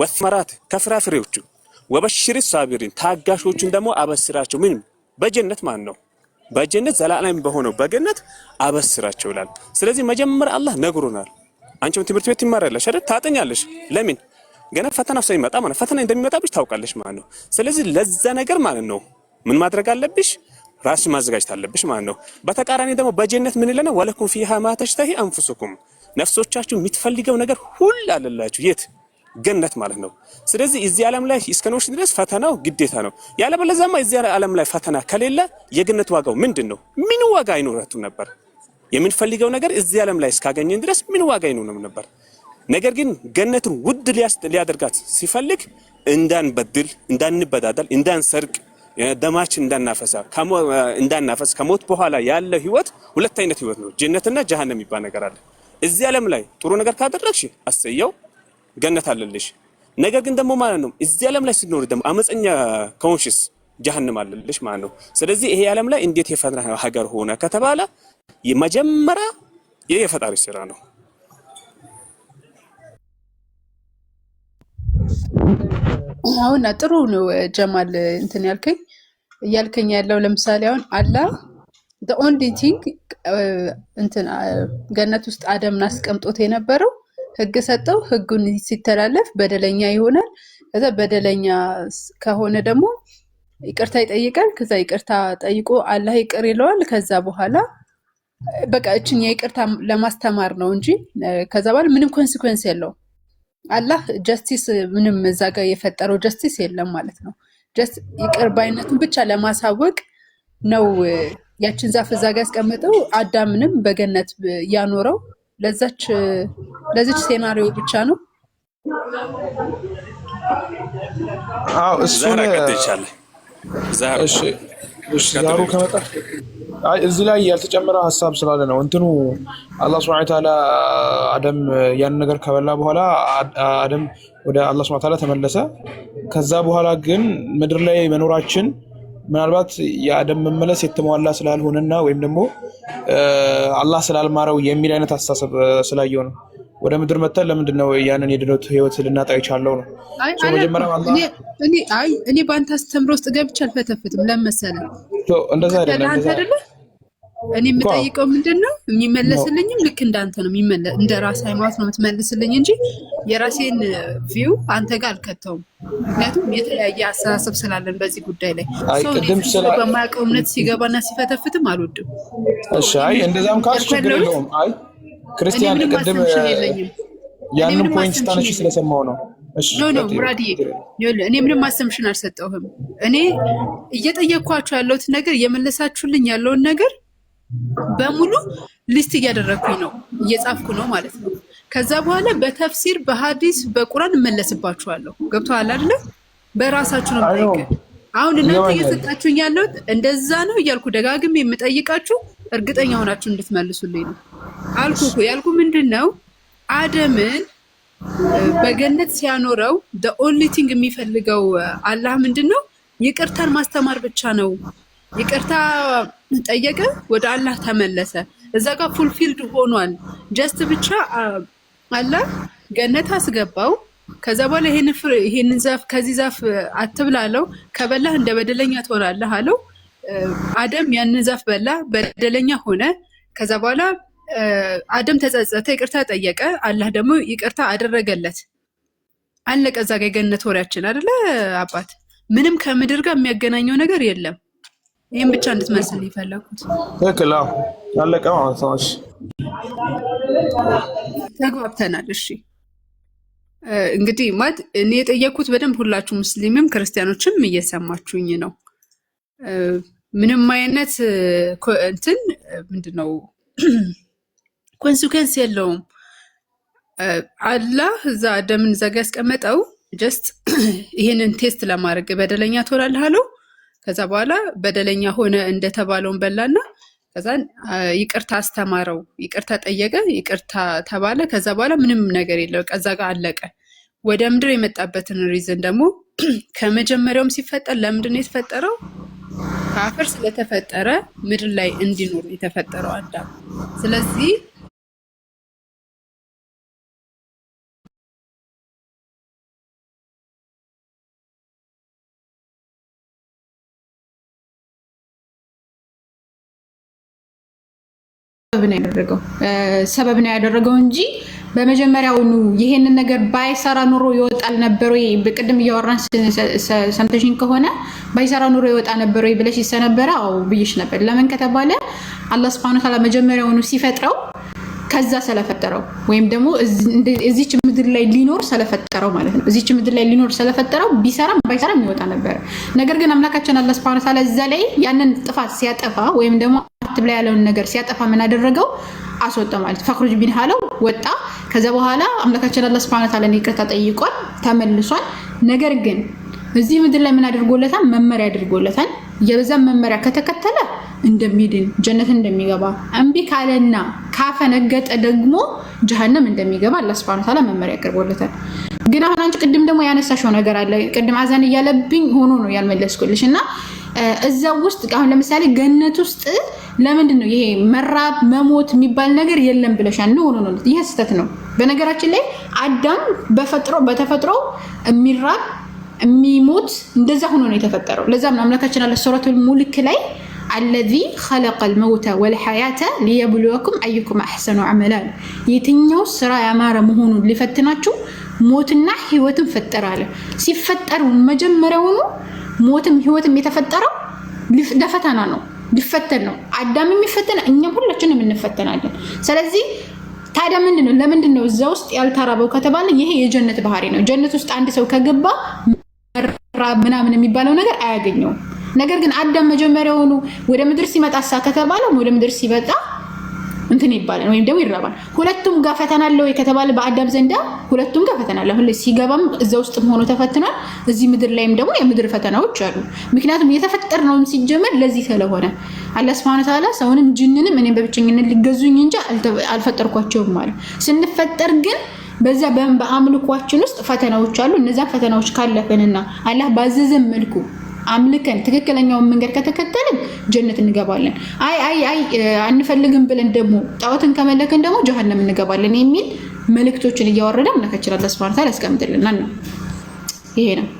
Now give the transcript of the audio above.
ወስመራት ከፍራፍሬዎቹ ወበሽሪ ሳቢሪን ታጋሾቹን ደግሞ አበስራቸው። ምን በጀነት ማን ነው? በጀነት ዘላለም በሆነው በገነት አበስራቸው ይላል። ስለዚህ መጀመር አላህ ነግሮናል። አንቺም ትምህርት ቤት ትማራለሽ አይደል? ታጠኛለሽ። ለምን ገና ፈተና ሳይመጣ ማለት ፈተና እንደሚመጣ ብቻ ታውቃለሽ ማለት ነው። ስለዚህ ለዛ ነገር ማለት ነው ምን ማድረግ አለብሽ? ራስሽን ማዘጋጀት አለብሽ ማለት ነው። በተቃራኒ ደግሞ በጀነት ምን ይለና ወለኩም ፊሃ ማ ተሽተሂ አንፉሱኩም ነፍሶቻችሁ የምትፈልገው ነገር ሁሉ አለላችሁ የት ገነት ማለት ነው። ስለዚህ እዚህ ዓለም ላይ እስከኖች ድረስ ፈተናው ግዴታ ነው። ያለበለዚያማ እዚህ ዓለም ላይ ፈተና ከሌለ የገነት ዋጋው ምንድን ነው? ምን ዋጋ አይኖረቱም ነበር። የምንፈልገው ነገር እዚህ ዓለም ላይ እስካገኘን ድረስ ምን ዋጋ አይኖርም ነበር። ነገር ግን ገነትን ውድ ሊያደርጋት ሲፈልግ እንዳንበድል፣ እንዳንበዳደል፣ እንዳንሰርቅ፣ ደማችን እንዳናፈሳ እንዳናፈስ ከሞት በኋላ ያለ ህይወት ሁለት አይነት ህይወት ነው። ጀነትና ጀሃነም የሚባል ነገር አለ። እዚህ ዓለም ላይ ጥሩ ነገር ካደረግሽ አሰየው ገነት አለልሽ። ነገር ግን ደግሞ ማለት ነው እዚህ ዓለም ላይ ስትኖር ደግሞ አመፀኛ ከሆንሽስ ጀሀነም አለልሽ ማለት ነው። ስለዚህ ይሄ ዓለም ላይ እንዴት የፈተና ሀገር ሆነ ከተባለ መጀመሪያ ይሄ የፈጣሪ ስራ ነው። አሁን ጥሩ ነው ጀማል እንትን ያልከኝ እያልከኝ ያለው ለምሳሌ አሁን አላህ ኦንሊ ቲንግ እንትን ገነት ውስጥ አደምን አስቀምጦት የነበረው ህግ ሰጠው። ህጉን ሲተላለፍ በደለኛ ይሆናል። ከዛ በደለኛ ከሆነ ደግሞ ይቅርታ ይጠይቃል። ከዛ ይቅርታ ጠይቆ አላህ ይቅር ይለዋል። ከዛ በኋላ በቃ እችን የይቅርታ ለማስተማር ነው እንጂ ከዛ በኋላ ምንም ኮንሲኩዌንስ የለውም። አላህ ጀስቲስ ምንም እዛ ጋር የፈጠረው ጀስቲስ የለም ማለት ነው። ጀስት ይቅር ባይነቱን ብቻ ለማሳወቅ ነው ያችን ዛፍ እዛ ጋር ያስቀምጠው አዳምንም በገነት ያኖረው ለዛች ለዚች ሴናሪዮ ብቻ ነው። አዎ እሱን ዛሩ ከመጣ እዚህ ላይ ያልተጨመረ ሀሳብ ስላለ ነው። እንትኑ አላህ ስብሐነ ወተዓላ አደም ያን ነገር ከበላ በኋላ አደም ወደ አላህ ስብሐነ ወተዓላ ተመለሰ። ከዛ በኋላ ግን ምድር ላይ መኖራችን ምናልባት የአደም መመለስ የተሟላ ስላልሆነና ወይም ደግሞ አላህ ስላልማረው የሚል አይነት አስተሳሰብ ስላየው ነው። ወደ ምድር መተን ለምንድን ነው ያንን የድኖት ህይወት ልናጣ ይቻለው ነው? እኔ በአንተ አስተምሮ ውስጥ ገብቼ አልፈተፍትም። ለመሰለ እንደዛ አይደለም እኔ የምጠይቀው ምንድን ነው የሚመለስልኝም ልክ እንዳንተ ነው፣ እንደ ራስ ሃይማኖት ነው የምትመልስልኝ እንጂ የራሴን ቪው አንተ ጋር አልከተውም። ምክንያቱም የተለያየ አስተሳሰብ ስላለን በዚህ ጉዳይ ላይ ሰው በማያውቀው እምነት ሲገባና ሲፈተፍትም አልወድም። እሺ፣ አይ እንደዛም ካልሽ ችግር የለውም። አይ ክርስቲያን፣ ቅድም ያንን ፖይንት ስለሰማው ነው ኖ ኖ ሙራድዬ እኔ ምንም አሰምሽን አልሰጠሁም። እኔ እየጠየኳችሁ ያለሁት ነገር እየመለሳችሁልኝ ያለውን ነገር በሙሉ ሊስት እያደረግኩኝ ነው እየጻፍኩ ነው ማለት ነው። ከዛ በኋላ በተፍሲር በሀዲስ በቁራን እመለስባችኋለሁ። ገብቶሃል አይደለ? በራሳችሁ ነው ጠይቅ። አሁን እናንተ እየሰጣችሁኝ ያለሁት እንደዛ ነው እያልኩ ደጋግሜ የምጠይቃችሁ እርግጠኛ ሆናችሁ እንድትመልሱልኝ ነው። አልኩ እኮ ያልኩ ምንድን ነው አደምን በገነት ሲያኖረው ኦንሊ ቲንግ የሚፈልገው አላህ ምንድን ነው? ይቅርታን ማስተማር ብቻ ነው ይቅርታ ጠየቀ፣ ወደ አላህ ተመለሰ። እዛ ጋር ፉልፊልድ ሆኗል። ጀስት ብቻ አላህ ገነት አስገባው። ከዛ በኋላ ይሄንን ዛፍ ከዚህ ዛፍ አትብላለው፣ ከበላህ እንደ በደለኛ ትሆናለህ አለው። አደም ያንን ዛፍ በላ፣ በደለኛ ሆነ። ከዛ በኋላ አደም ተጸጸተ፣ ይቅርታ ጠየቀ። አላህ ደግሞ ይቅርታ አደረገለት። አለቀ። እዛ ጋ የገነት ወሬያችን አደለ አባት? ምንም ከምድር ጋር የሚያገናኘው ነገር የለም። ይህም ብቻ እንድትመስል የፈለኩት ትክክል ያለቀ ማለት ነው። ተግባብተናል። እሺ እንግዲህ ማለት እኔ የጠየኩት በደንብ ሁላችሁ ሙስሊምም ክርስቲያኖችም እየሰማችሁኝ ነው። ምንም አይነት እንትን ምንድን ነው ኮንሲኩዌንስ የለውም። አላህ እዛ ደምን ዘጋ ያስቀመጠው ጀስት ይህንን ቴስት ለማድረግ በደለኛ ትሆናለህ አለው። ከዛ በኋላ በደለኛ ሆነ እንደተባለውን በላና ከዛ ይቅርታ አስተማረው፣ ይቅርታ ጠየቀ፣ ይቅርታ ተባለ። ከዛ በኋላ ምንም ነገር የለው፣ ከዛ ጋር አለቀ። ወደ ምድር የመጣበትን ሪዝን ደግሞ ከመጀመሪያውም ሲፈጠር ለምንድን ነው የተፈጠረው? ከአፈር ስለተፈጠረ ምድር ላይ እንዲኖር የተፈጠረው አዳም። ስለዚህ ሰበብ ነው ያደረገው ሰበብ ነው ያደረገው እንጂ በመጀመሪያውኑ ይሄንን ነገር ባይሰራ ኑሮ ይወጣል ነበር ወይ? በቅድም እያወራን ሰምተሽኝ ከሆነ ባይሰራ ኑሮ ይወጣ ነበር ወይ ብለሽ ይሰነበረ? አው ብይሽ ነበር። ለምን ከተባለ አላህ ሱብሃነሁ ወተዓላ መጀመሪያውኑ ሲፈጥረው ከዛ ስለፈጠረው ወይም ደግሞ እዚች ምድር ላይ ሊኖር ስለፈጠረው ማለት ነው። እዚች ምድር ላይ ሊኖር ስለፈጠረው ቢሰራም ባይሰራም ይወጣ ነበር ነገር ግን አምላካችን አላህ ሱብሃነሁ ወተዓላ እዛ ላይ ያንን ጥፋት ሲያጠፋ ወይም ደግሞ ላይ ያለውን ነገር ሲያጠፋ ምን አደረገው? አስወጣ ማለት ፈክሩጅ ቢን ሀለው ወጣ። ከዛ በኋላ አምላካችን አላህ ሱብሃነ ወተዓላ ይቅርታ ጠይቋል፣ ተመልሷል። ነገር ግን እዚህ ምድር ላይ ምን አድርጎለታል? መመሪያ አድርጎለታል። የበዛን መመሪያ ከተከተለ እንደሚድን ጀነት እንደሚገባ እምቢ ካለና ካፈነገጠ ደግሞ ጀሀነም እንደሚገባ አላህ ሱብሃነ ወተዓላ መመሪያ አቅርቦለታል። ግን አሁን አንቺ ቅድም ደግሞ ያነሳሽው ነገር አለ። ቅድም አዛን እያለብኝ ሆኖ ነው ያልመለስኩልሽ እና እዛ ውስጥ አሁን ለምሳሌ ገነት ውስጥ ለምንድን ነው ይሄ መራብ መሞት የሚባል ነገር የለም ብለሻል። ሆኖ ነው ይሄ ስህተት ነው። በነገራችን ላይ አዳም በፈጥሮ በተፈጥሮ የሚራብ የሚሞት እንደዛ ሆኖ ነው የተፈጠረው። ለዛም ነው አምላካችን አለ ሱረቱል ሙልክ ላይ አለዚ ኸለቀል መውተ ወልሐያተ ሊየብሉወኩም አዩኩም አሕሰኑ አመላ የትኛው ስራ ያማረ መሆኑን ሊፈትናችሁ ሞትና ህይወትን ፈጠረ አለ። ሲፈጠሩ መጀመሪያውኑ ሞትም ህይወትም የተፈጠረው ለፈተና ነው፣ ሊፈተን ነው። አዳም የሚፈተና እኛም ሁላችንም እንፈተናለን። ስለዚህ ታዲያ ምንድን ነው ለምንድን ነው እዛ ውስጥ ያልተራበው ከተባለ ይሄ የጀነት ባህሪ ነው። ጀነት ውስጥ አንድ ሰው ከገባ ምናምን የሚባለው ነገር አያገኘውም። ነገር ግን አዳም መጀመሪያውኑ ወደ ምድር ሲመጣ ሳ ከተባለ ወደ ምድር ሲመጣ እንትን ይባላል ወይም ደግሞ ይራባል። ሁለቱም ጋር ፈተና አለ ወይ ከተባለ በአዳም ዘንዳ ሁለቱም ጋር ፈተና አለ። ሲገባም እዛ ውስጥም ሆኖ ተፈትኗል። እዚህ ምድር ላይም ደግሞ የምድር ፈተናዎች አሉ። ምክንያቱም የተፈጠር ነውም ሲጀመር ለዚህ ስለሆነ አላህ ሱብሃነሁ ወተዓላ ሰውንም ጅንንም እኔም በብቸኝነት ሊገዙኝ እንጂ አልፈጠርኳቸውም አለ። ስንፈጠር ግን በዛ በአምልኳችን ውስጥ ፈተናዎች አሉ። እነዚያን ፈተናዎች ካለፍንና አላህ ባዘዘን መልኩ አምልከን ትክክለኛውን መንገድ ከተከተልን ጀነት እንገባለን። አይ አይ አይ አንፈልግም ብለን ደግሞ ጣዖትን ከመለክን ደግሞ ጀሀነም እንገባለን የሚል መልእክቶችን እያወረደ አምላካችን አላህ ሱብሃነሁ ወተዓላ ያስቀምጥልናል ነው ይሄ ነው።